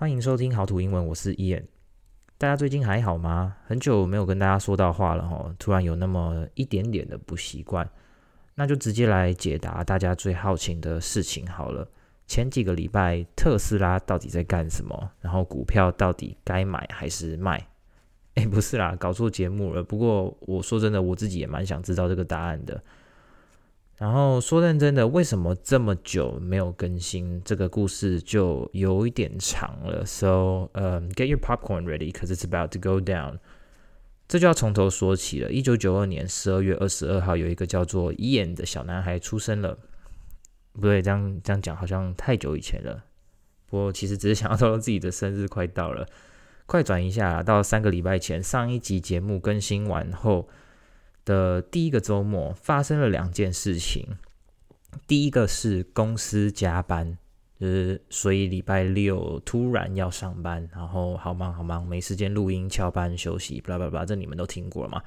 歡迎收聽好土英文，我是 Ian。大家最近還好嗎？很久沒有跟大家說到話了哈，突然有那麼一點點的不習慣，那就直接來解答大家最好奇的事情好了。前幾個禮拜，特斯拉到底在幹什麼？然後股票到底該買還是賣？誒，不是啦，搞錯節目了。不過我說真的，我自己也蠻想知道這個答案的。然後說認真的，為什麼這麼久沒有更新？這個故事就有一點長了。So，呃、um, get your popcorn ready, cause it's about to go down。這就要從頭說起了。一九九二年十二月二十二號，有一個叫做 Ian 的小男孩出生了。不對，這樣這樣講好像太久以前了。不過我其實只是想要說自己的生日快到了，快轉一下，到三個禮拜前，上一集節目更新完後。的第一個週末發生了兩件事情，第一個是公司加班，就是所以禮拜六突然要上班，然後好忙好忙，沒時間錄音、翹班、休息，巴拉巴拉，這你們都聽過了嗎？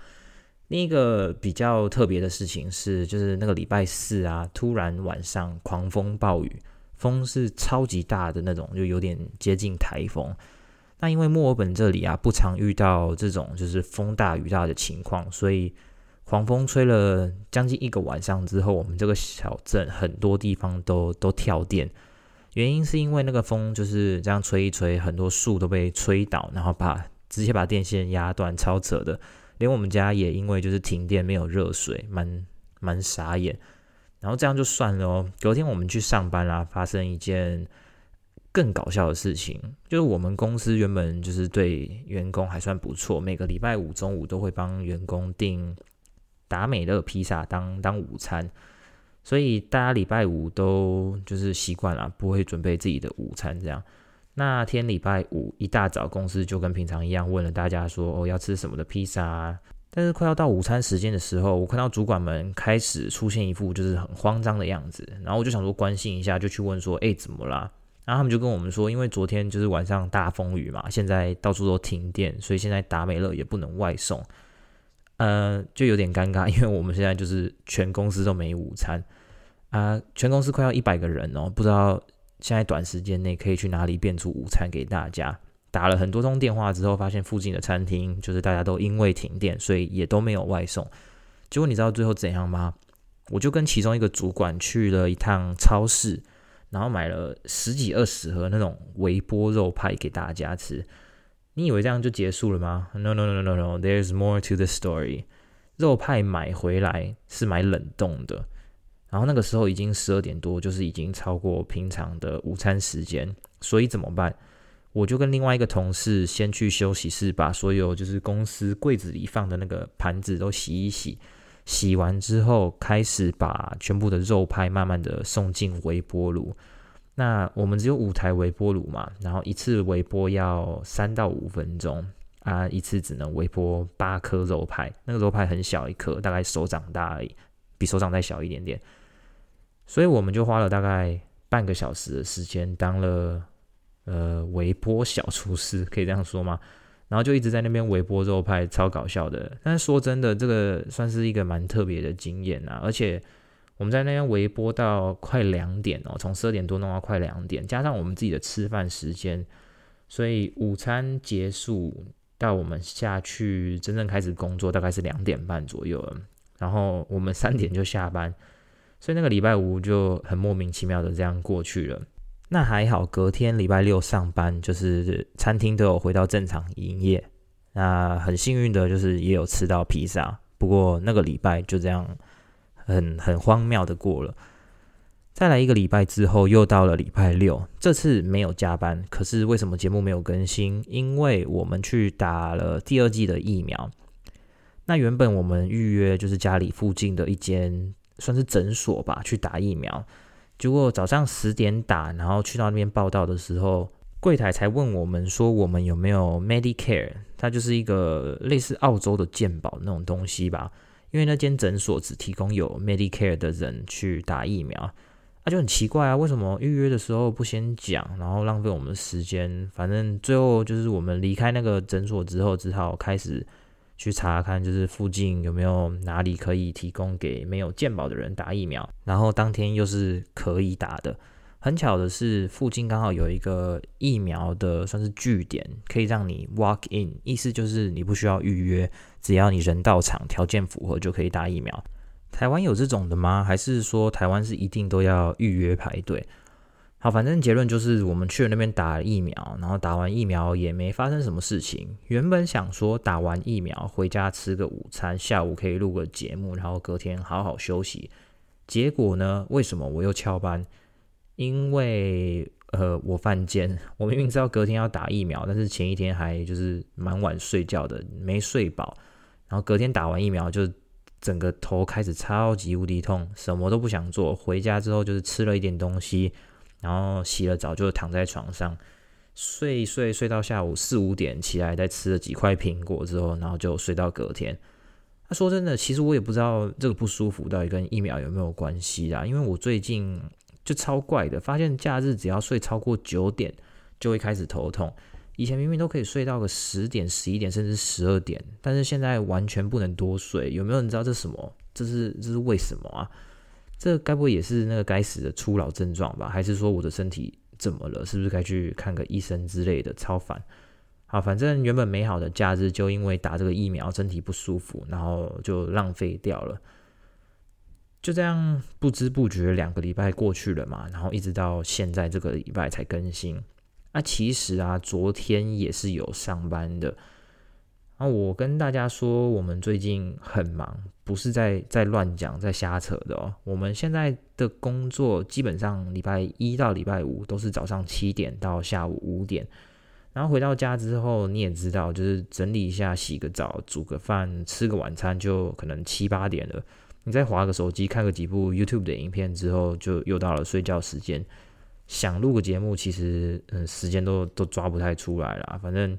另一個比較特別的事情是，就是那個禮拜四啊，突然晚上狂風暴雨，風是超級大的那種，就有點接近颱風。那因為墨爾本這裡啊，不常遇到這種就是風大雨大的情況，所以。狂風吹了將近一個晚上之後，我們這個小鎮很多地方都都跳電，原因是因為那個風就是這樣吹一吹，很多樹都被吹倒，然後把直接把電線壓斷，超扯的。連我們家也因為就是停電沒有熱水，蠻蠻傻眼。然後這樣就算了哦。昨天我們去上班啦、啊，發生一件更搞笑的事情，就是我們公司原本就是對員工還算不錯，每個禮拜五中午都會幫員工訂。達美樂披薩當當午餐，所以大家禮拜五都就是習慣了啊，不會準備自己的午餐。這樣那天禮拜五一大早，公司就跟平常一樣問了大家說：“哦，要吃什麼的披薩啊？”但是快要到午餐時間的時候，我看到主管們開始出現一副就是很慌張的樣子，然後我就想說關心一下，就去問說：“誒，怎麼啦？”然後他們就跟我們說：“因為昨天就是晚上大風雨嘛，現在到處都停電，所以現在達美樂也不能外送。”呃，就有點尷尬，因為我們現在就是全公司都沒午餐啊，呃，全公司快要一百個人哦，不知道現在短時間內可以去哪裡變出午餐給大家。打了很多通電話之後，發現附近的餐廳就是大家都因為停電，所以也都沒有外送。結果你知道最後怎樣嗎？我就跟其中一個主管去了一趟超市，然後買了十幾二十盒那種微波肉派給大家吃。你以為這樣就結束了嗎？No no no no no there's more to the story。肉派買回來是買冷凍的，然後那個時候已經十二點多，就是已經超過平常的午餐時間，所以怎麼辦？我就跟另外一個同事先去休息室，把所有就是公司櫃子裡放的那個盤子都洗一洗。洗完之後，開始把全部的肉派慢慢的送進微波爐。那我們只有五台微波爐嘛，然後一次微波要三到五分鐘啊，一次只能微波八顆肉派，那個肉派很小，一顆大概手掌大而已，比手掌再小一點點，所以我們就花了大概半個小時的時間，當了呃微波小廚師，可以這樣說嗎？然後就一直在那邊微波肉派，超搞笑的。但是說真的，這個算是一個蠻特別的經驗啊，而且。我們在那邊微波到快兩點哦，從十二點多弄到快兩點，加上我們自己的吃飯時間，所以午餐結束到我們下去真正開始工作大概是兩點半左右了，然後我們三點就下班，所以那個禮拜五就很莫名其妙的這樣過去了。那還好，隔天禮拜六上班，就是餐廳都有回到正常營業，那很幸運的就是也有吃到披薩，不過那個禮拜就這樣。很很荒謬的過了，再來一個禮拜之後，又到了禮拜六。這次沒有加班，可是為什麼節目沒有更新？因為我們去打了第二劑的疫苗。那原本我們預約就是家裡附近的一間算是診所吧，去打疫苗。結果早上十點打，然後去到那邊報到的時候，櫃檯才問我們說我們有沒有 Medicare，它就是一個類似澳洲的健保那種東西吧。因為那間診所只提供有 Medicare 的人去打疫苗，那、啊、就很奇怪啊！為什麼預約的時候不先講，然後浪費我們的時間？反正最後就是我們離開那個診所之後，只好開始去查看，就是附近有沒有哪裡可以提供給沒有健保的人打疫苗，然後當天又是可以打的。很巧的是，附近剛好有一個疫苗的算是據點，可以讓你 walk in，意思就是你不需要預約，只要你人到場，條件符合就可以打疫苗。台灣有這種的嗎？還是說台灣是一定都要預約排隊？好，反正結論就是我們去了那邊打疫苗，然後打完疫苗也沒發生什麼事情。原本想說打完疫苗回家吃個午餐，下午可以錄個節目，然後隔天好好休息。結果呢？為什麼我又翹班？因為呃，我犯賤，我明明知道隔天要打疫苗，但是前一天還就是蠻晚睡覺的，沒睡飽，然後隔天打完疫苗就整個頭開始超級無敵痛，什麼都不想做。回家之後就是吃了一點東西，然後洗了澡就躺在床上睡一睡，睡到下午四五點起來，再吃了幾塊蘋果之後，然後就睡到隔天。說真的，其實我也不知道這個不舒服到底跟疫苗有沒有關係啦，因為我最近。就超怪的，發現假日只要睡超過九點，就會開始頭痛。以前明明都可以睡到個十點、十一點，甚至十二點，但是現在完全不能多睡。有沒有人知道這什麼？這是這是為什麼啊？這該不會也是那個該死的初老症狀吧？還是說我的身體怎麼了？是不是該去看個醫生之類的？超煩。好，反正原本美好的假日就因為打這個疫苗，身體不舒服，然後就浪費掉了。就這樣不知不覺兩個禮拜過去了嘛，然後一直到現在這個禮拜才更新。啊，其實啊，昨天也是有上班的。啊，我跟大家說，我們最近很忙，不是在在亂講，在瞎扯的哦。我們現在的工作基本上禮拜一到禮拜五都是早上七點到下午五點，然後回到家之後，你也知道，就是整理一下，洗個澡，煮個飯，吃個晚餐，就可能七八點了。你再滑個手機，看個幾部 YouTube 的影片之後，就又到了睡覺時間。想錄個節目，其實嗯，時間都都抓不太出來啦。反正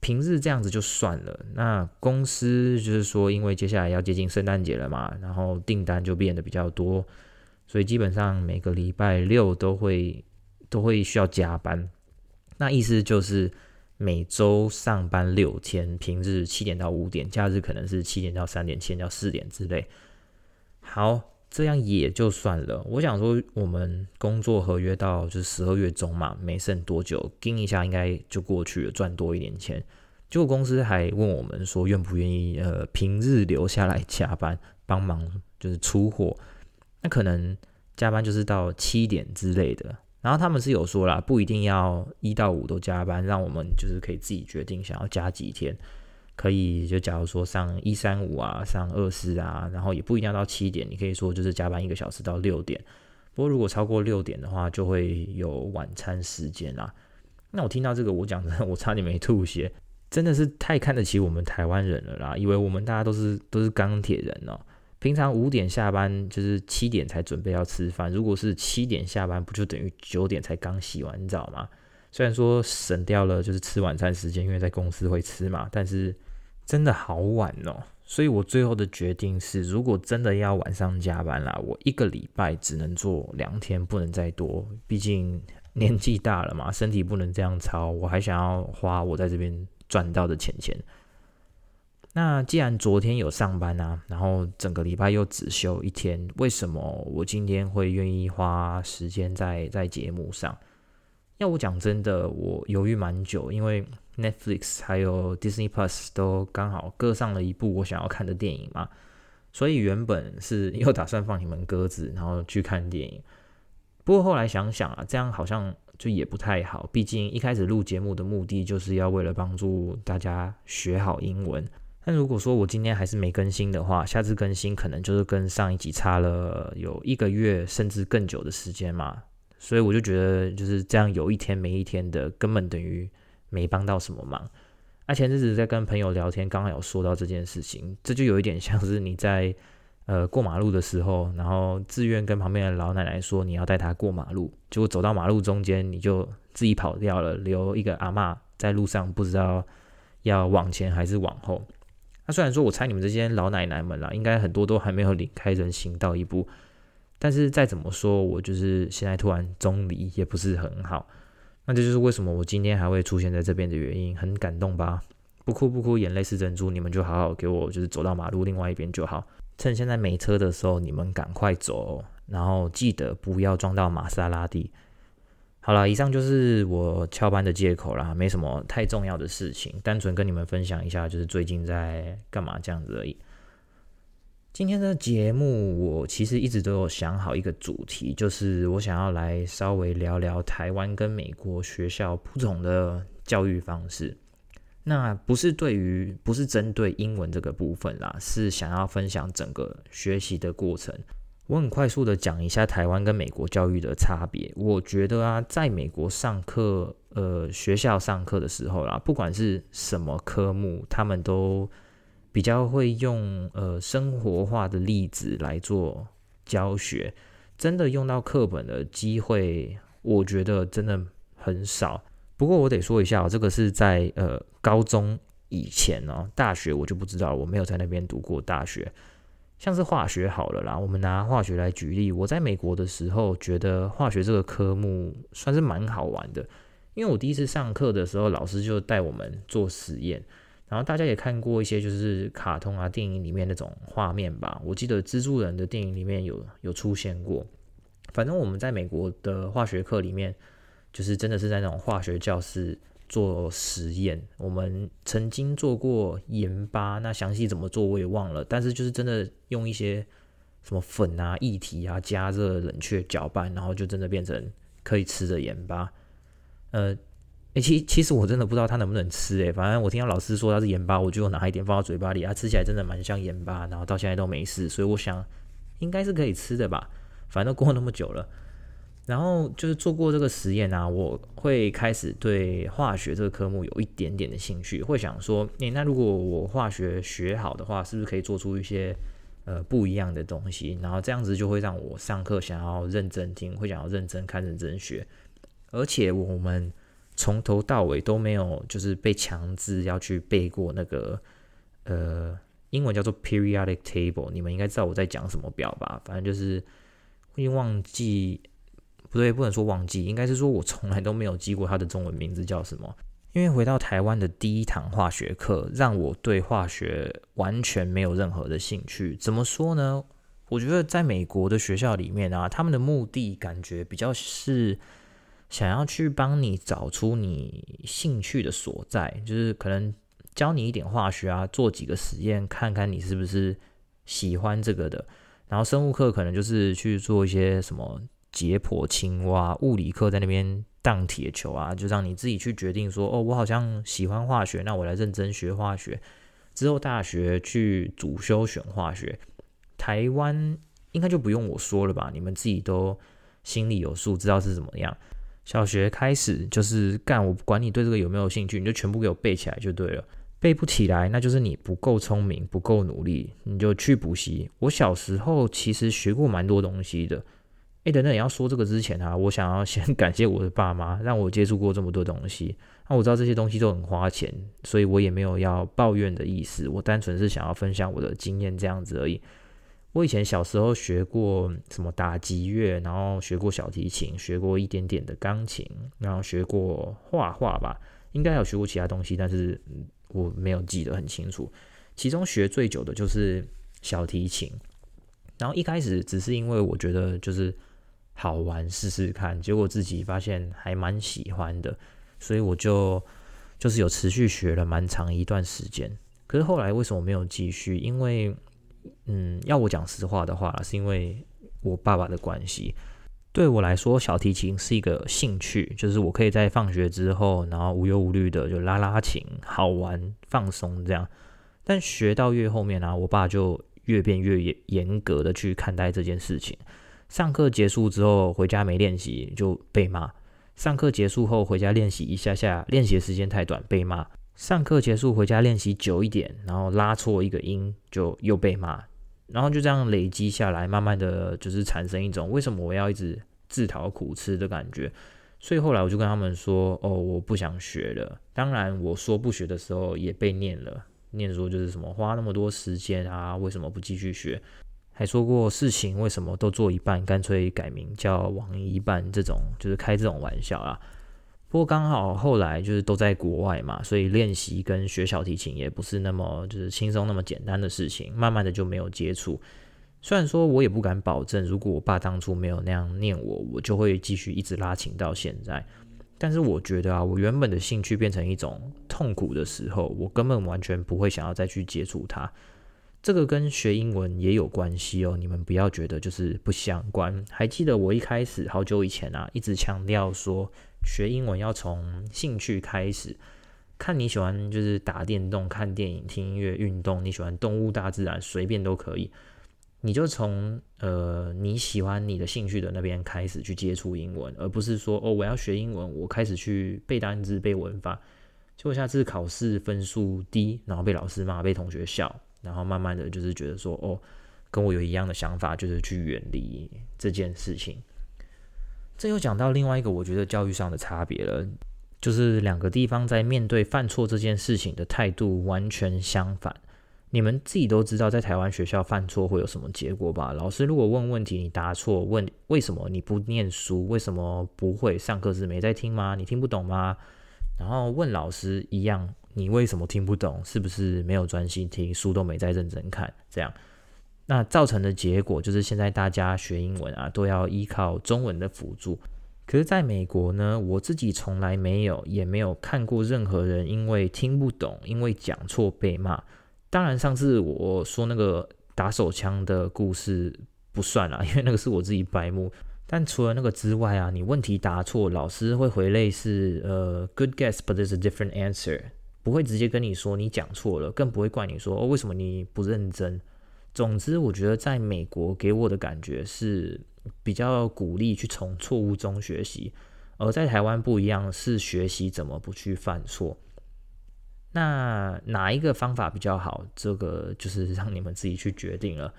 平日這樣子就算了。那公司就是說，因為接下來要接近聖誕節了嘛，然後訂單就變得比較多，所以基本上每個禮拜六都會都會需要加班。那意思就是。每周上班六天，平日七點到五點，假日可能是七點到三點、七點到四點之類。好，這樣也就算了。我想說，我們工作合約到就是十二月中嘛，沒剩多久，盯一下應該就過去了，賺多一點錢。結果公司還問我們說願願，願不願意呃平日留下來加班幫忙，就是出貨。那可能加班就是到七點之類的。然後他們是有說啦，不一定要一到五都加班，讓我們就是可以自己決定想要加幾天，可以就假如說上一三五啊，上二四啊，然後也不一定要到七點，你可以說就是加班一個小時到六點，不過如果超過六點的話，就會有晚餐時間啦。那我聽到這個，我講的我差點沒吐血，真的是太看得起我們台灣人了啦，以為我們大家都是都是鋼鐵人哦。平常五點下班，就是七點才準備要吃飯。如果是七點下班，不就等於九點才剛洗完澡嗎？雖然說省掉了就是吃晚餐時間，因為在公司會吃嘛，但是真的好晚哦、喔。所以我最後的決定是，如果真的要晚上加班啦，我一個禮拜只能做兩天，不能再多。畢竟年紀大了嘛，身體不能這樣操。我還想要花我在這邊賺到的錢錢。那既然昨天有上班啊，然後整個禮拜又只休一天，為什麼我今天會願意花時間在在節目上？要我講真的，我猶豫蠻久，因為 Netflix 還有 Disney Plus 都剛好各上了一部我想要看的電影嘛，所以原本是又打算放你們鴿子，然後去看電影。不過後來想想啊，這樣好像就也不太好，畢竟一開始錄節目的目的就是要為了幫助大家學好英文。但如果說我今天還是沒更新的話，下次更新可能就是跟上一集差了有一個月甚至更久的時間嘛，所以我就覺得就是這樣，有一天沒一天的，根本等於沒幫到什麼忙。而、啊、前日子在跟朋友聊天，剛好有說到這件事情，這就有一點像是你在呃過馬路的時候，然後自願跟旁邊的老奶奶說你要帶她過馬路，結果走到馬路中間，你就自己跑掉了，留一個阿嬤在路上，不知道要往前還是往後。那、啊、雖然說，我猜你們這些老奶奶們啦，應該很多都還沒有離開人行道一步，但是再怎麼說，我就是現在突然中離也不是很好。那這就是為什麼我今天還會出現在這邊的原因，很感動吧？不哭不哭，眼淚是珍珠，你們就好好給我就是走到馬路另外一邊就好，趁現在沒車的時候，你們趕快走，然後記得不要撞到瑪莎拉蒂。好了，以上就是我翹班的借口啦，沒什麼太重要的事情，單純跟你們分享一下，就是最近在幹嘛這樣子而已。今天的節目，我其實一直都有想好一個主題，就是我想要來稍微聊聊台灣跟美國學校不同的教育方式。那不是對於，不是針對英文這個部分啦，是想要分享整個學習的過程。我很快速地講一下台灣跟美國教育的差別。我覺得啊，在美國上課，呃，學校上課的時候啦，不管是什麼科目，他們都比較會用呃生活化的例子來做教學，真的用到課本的機會，我覺得真的很少。不過我得說一下，喔，這個是在呃高中以前呢，喔，大學我就不知道，我沒有在那邊讀過大學。像是化學好了啦，我們拿化學來舉例。我在美國的時候覺得化學這個科目算是蠻好玩的，因為我第一次上課的時候，老師就帶我們做實驗。然後大家也看過一些就是卡通啊、電影裡面那種畫面吧。我記得蜘蛛人的電影裡面有有出現過。反正我們在美國的化學課裡面，就是真的是在那種化學教室。做實驗，我們曾經做過鹽巴，那詳細怎麼做我也忘了，但是就是真的用一些什麼粉啊、液體啊，加熱、冷卻、攪拌，然後就真的變成可以吃的鹽巴。呃，欸、其其實我真的不知道它能不能吃，欸，誒，反正我聽到老師說它是鹽巴，我就拿一點放到嘴巴裡，它吃起來真的蠻像鹽巴，然後到現在都沒事，所以我想應該是可以吃的吧，反正過那麼久了。然後就是做過這個實驗啊，我會開始對化學這個科目有一點點的興趣，會想說：誒、欸，那如果我化學學好的話，是不是可以做出一些呃不一樣的東西？然後這樣子就會讓我上課想要認真聽，會想要認真看、認真學。而且我們從頭到尾都沒有就是被強制要去背過那個呃英文叫做 Periodic Table，你們應該知道我在講什麼表吧？反正就是會忘記。不對，不能說忘記，應該是說我從來都沒有記過他的中文名字叫什麼。因為回到台灣的第一堂化學課，讓我對化學完全沒有任何的興趣。怎麼說呢？我覺得在美國的學校裡面啊，他們的目的感覺比較是想要去幫你找出你興趣的所在，就是可能教你一點化學啊，做幾個實驗，看看你是不是喜歡這個的。然後生物課可能就是去做一些什麼。解剖青蛙，物理課在那邊盪鐵球啊，就讓你自己去決定說，哦，我好像喜歡化學，那我來認真學化學。之後大學去主修選化學，台灣應該就不用我說了吧？你們自己都心裡有數，知道是怎麼樣。小學開始就是幹，我不管你對這個有沒有興趣，你就全部給我背起來就對了。背不起來，那就是你不夠聰明，不夠努力，你就去補習。我小時候其實學過蠻多東西的。誒，欸、等等，你要說這個之前啊，我想要先感謝我的爸媽，讓我接觸過這麼多東西。那、啊、我知道這些東西都很花錢，所以我也沒有要抱怨的意思。我單純是想要分享我的經驗這樣子而已。我以前小時候學過什麼打擊樂，然後學過小提琴，學過一點點的鋼琴，然後學過畫畫吧，應該有學過其他東西，但是我沒有記得很清楚。其中學最久的就是小提琴。然後一開始只是因為我覺得就是。好玩，試試看。結果自己發現還蠻喜歡的，所以我就就是有持續學了蠻長一段時間。可是後來為什麼沒有繼續？因為，嗯，要我講實話的話，是因為我爸爸的關係。對我來說，小提琴是一個興趣，就是我可以在放學之後，然後無憂無慮的就拉拉琴，好玩、放鬆這樣。但學到越後面呢，啊，我爸就越變越嚴格的去看待這件事情。上課結束之後回家，沒練習就被罵。上課結束後回家，練習一下下，練習時間太短被罵。上課結束回家，練習久一點，然後拉錯一個音就又被罵。然後就這樣累積下來，慢慢的就是產生一種為什麼我要一直自討苦吃的感覺。所以後來我就跟他們說：“哦，我不想學了。”當然，我說不學的時候也被念了，念說就是什麼花那麼多時間啊，為什麼不繼續學？還說過事情為什麼都做一半，乾脆改名叫王一半這種，就是開這種玩笑啦。不過剛好後來就是都在國外嘛，所以練習跟學小提琴也不是那麼就是輕鬆那麼簡單的事情，慢慢的就沒有接觸。雖然說我也不敢保證，如果我爸當初沒有那樣念我，我就會繼續一直拉琴到現在。但是我覺得啊，我原本的興趣變成一種痛苦的時候，我根本完全不會想要再去接觸它。這個跟學英文也有關係哦，你們不要覺得就是不相關。還記得我一開始好久以前啊，一直強調說學英文要從興趣開始，看你喜歡就是打電動、看電影、聽音樂、運動，你喜歡動物、大自然，隨便都可以，你就從呃你喜歡你的興趣的那邊開始去接觸英文，而不是說哦我要學英文，我開始去背單字、背文法，結果下次考試分數低，然後被老師罵、被同學笑。然後慢慢的就是覺得說，哦，跟我有一樣的想法，就是去遠離這件事情。這又講到另外一個我覺得教育上的差別了，就是兩個地方在面對犯錯這件事情的態度完全相反。你們自己都知道，在台灣學校犯錯會有什麼結果吧？老師如果問問題，你答錯，問為什麼你不念書？為什麼不會？上課是沒在聽嗎？你聽不懂嗎？然後問老師一樣。你為什麼聽不懂？是不是沒有專心聽？書都沒在認真看？這樣，那造成的結果就是現在大家學英文啊，都要依靠中文的輔助。可是，在美國呢，我自己從來沒有，也沒有看過任何人因為聽不懂，因為講錯被罵。當然，上次我說那個打手槍的故事不算啦，啊，因為那個是我自己白目。但除了那個之外啊，你問題答錯，老師會回類似“呃，good guess，but it's a different answer”。不會直接跟你說你講錯了，更不會怪你說，哦，為什麼你不認真。總之，我覺得在美國給我的感覺是比較鼓勵去從錯誤中學習，而在台灣不一樣，是學習怎麼不去犯錯。那哪一個方法比較好？這個就是讓你們自己去決定了。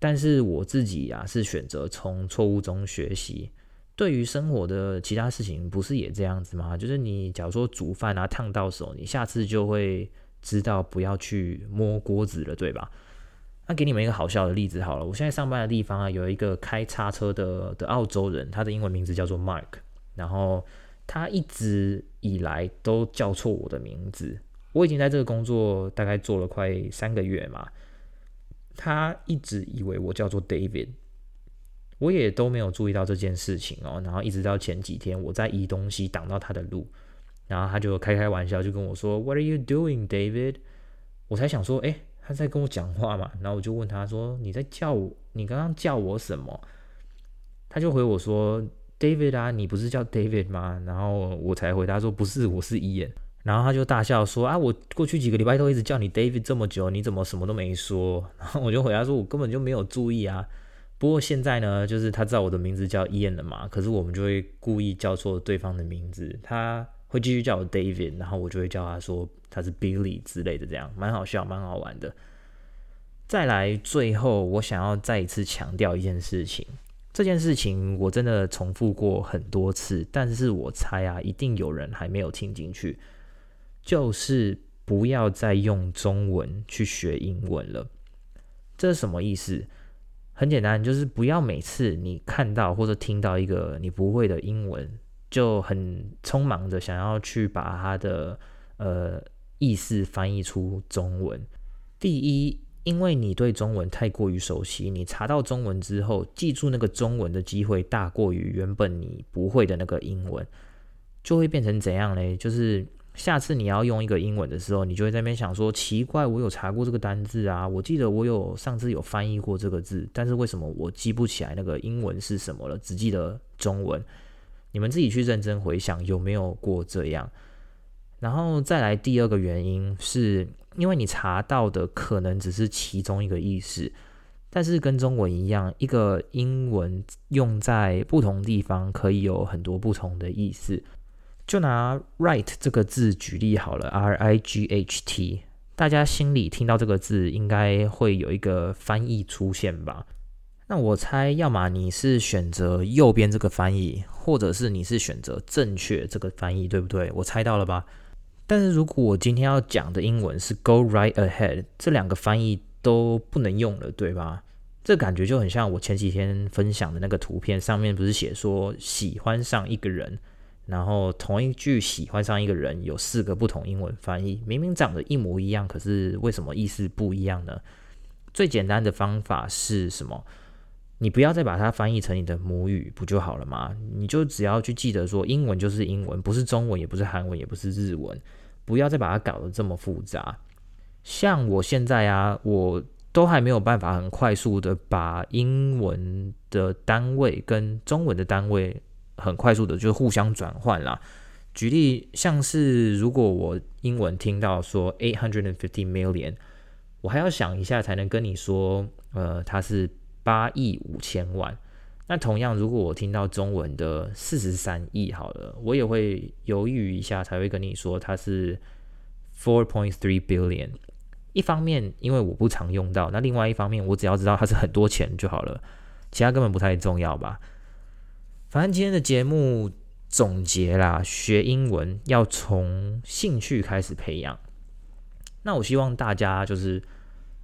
但是我自己啊，是選擇從錯誤中學習。對於生活的其他事情，不是也這樣子嗎？就是你假如說煮飯啊，燙到手，你下次就會知道不要去摸鍋子了，對吧？那、啊、給你們一個好笑的例子好了。我現在上班的地方啊，有一個開叉車的的澳洲人，他的英文名字叫做 Mark，然後他一直以來都叫錯我的名字。我已經在這個工作大概做了快三個月嘛，他一直以為我叫做 David。我也都沒有注意到這件事情哦，然後一直到前幾天，我在移東西擋到他的路，然後他就開開玩笑，就跟我說 “What are you doing, David？” 我才想說，誒、欸，他在跟我講話嘛，然後我就問他說：“你在叫我？你剛剛叫我什麼？”他就回我說：“David 啊，你不是叫 David 嗎？”然後我才回答說：“不是，我是 Ian。”然後他就大笑說：“啊，我過去幾個禮拜都一直叫你 David 這麼久，你怎麼什麼都沒說？”然後我就回答說：“我根本就沒有注意啊。”不過現在呢，就是他知道我的名字叫 Ian 了嘛，可是我們就會故意叫錯對方的名字，他會繼續叫我 David，然後我就會叫他說他是 Billy 之類的，這樣蠻好笑、蠻好玩的。再來，最後我想要再一次強調一件事情，這件事情我真的重複過很多次，但是我猜啊，一定有人還沒有聽進去，就是不要再用中文去學英文了。這是什麼意思？很簡單，就是不要每次你看到或者聽到一個你不會的英文，就很匆忙的想要去把它的呃意思翻譯出中文。第一，因為你對中文太過於熟悉，你查到中文之後，記住那個中文的機會大過於原本你不會的那個英文，就會變成怎樣嘞？就是。下次你要用一個英文的時候，你就會在那邊想說，奇怪，我有查過這個單字啊，我記得我有上次有翻譯過這個字，但是為什麼我記不起來那個英文是什麼了？只記得中文。你們自己去認真回想有沒有過這樣。然後再來第二個原因是，因為你查到的可能只是其中一個意思，但是跟中文一樣，一個英文用在不同地方可以有很多不同的意思。就拿 right 這個字舉例好了，R I G H T，大家心裡聽到這個字，應該會有一個翻譯出現吧？那我猜，要麼你是選擇右邊這個翻譯，或者是你是選擇正確這個翻譯，對不對？我猜到了吧？但是如果我今天要講的英文是 go right ahead，這兩個翻譯都不能用了，對吧？這感覺就很像我前幾天分享的那個圖片，上面不是寫說喜歡上一個人。然後同一句喜歡上一個人有四個不同英文翻譯，明明長得一模一樣，可是為什麼意思不一樣呢？最簡單的方法是什麼？你不要再把它翻譯成你的母語不就好了嗎？你就只要去記得說，英文就是英文，不是中文，也不是韓文，也不是日文，不要再把它搞得這麼複雜。像我現在啊，我都還沒有辦法很快速地把英文的單位跟中文的單位，很快速的，就是互相轉換啦。舉例，像是如果我英文聽到說 eight hundred and fifty million，我還要想一下才能跟你說，呃，它是八億五千萬。那同樣，如果我聽到中文的四十三億好了，我也會猶豫一下才會跟你說它是 four point three billion。一方面，因為我不常用到；那另外一方面，我只要知道它是很多錢就好了，其他根本不太重要吧。反正今天的節目總結啦，學英文要從興趣開始培養。那我希望大家就是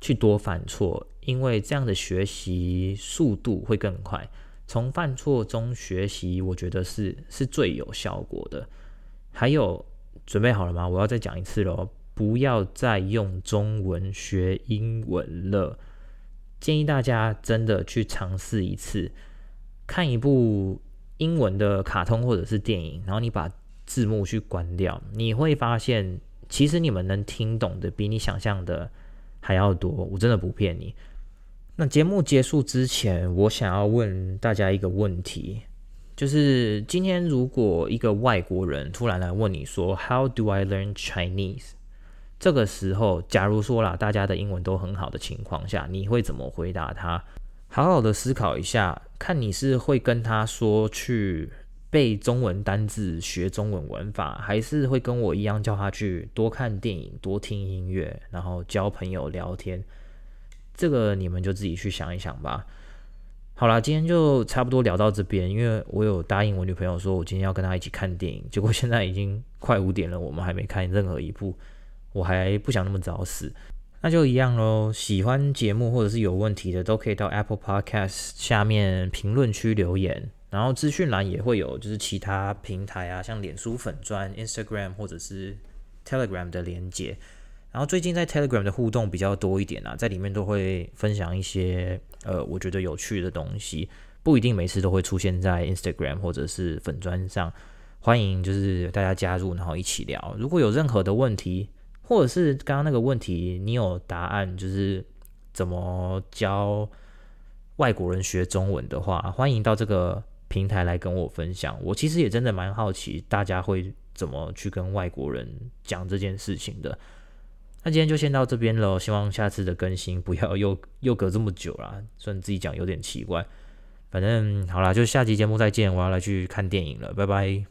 去多犯錯，因為這樣的學習速度會更快。從犯錯中學習，我覺得是是最有效果的。還有，準備好了嗎？我要再講一次嘍，不要再用中文學英文了。建議大家真的去嘗試一次，看一部。英文的卡通或者是電影，然後你把字幕去關掉，你會發現其實你們能聽懂的比你想象的還要多，我真的不騙你。那節目結束之前，我想要問大家一個問題，就是今天如果一個外國人突然來問你說 “How do I learn Chinese？” 這個時候，假如說啦，大家的英文都很好的情況下，你會怎麼回答他？好好的思考一下。看你是會跟他說去背中文單字、學中文文法，還是會跟我一樣叫他去多看電影、多聽音樂，然後交朋友、聊天。這個你們就自己去想一想吧。好啦，今天就差不多聊到這邊。因為我有答應我女朋友說我今天要跟她一起看電影，結果現在已經快五點了，我們還沒看任何一部。我還不想那麼早死。那就一樣嘍。喜歡節目或者是有問題的，都可以到 Apple Podcast 下面評論區留言。然後資訊欄也會有，就是其他平台啊，像臉書粉專、Instagram 或者是 Telegram 的連結。然後最近在 Telegram 的互動比較多一點啊，在裡面都會分享一些呃，我覺得有趣的東西。不一定每次都會出現在 Instagram 或者是粉專上。歡迎就是大家加入，然後一起聊。如果有任何的問題。或者是剛剛那個問題，你有答案，就是怎麼教外國人學中文的話，歡迎到這個平台來跟我分享。我其實也真的蠻好奇，大家會怎麼去跟外國人講這件事情的。那今天就先到這邊嘍，希望下次的更新不要又又隔這麼久啦。雖然自己講有點奇怪，反正好啦，就下期節目再見。我要來去看電影了，拜拜。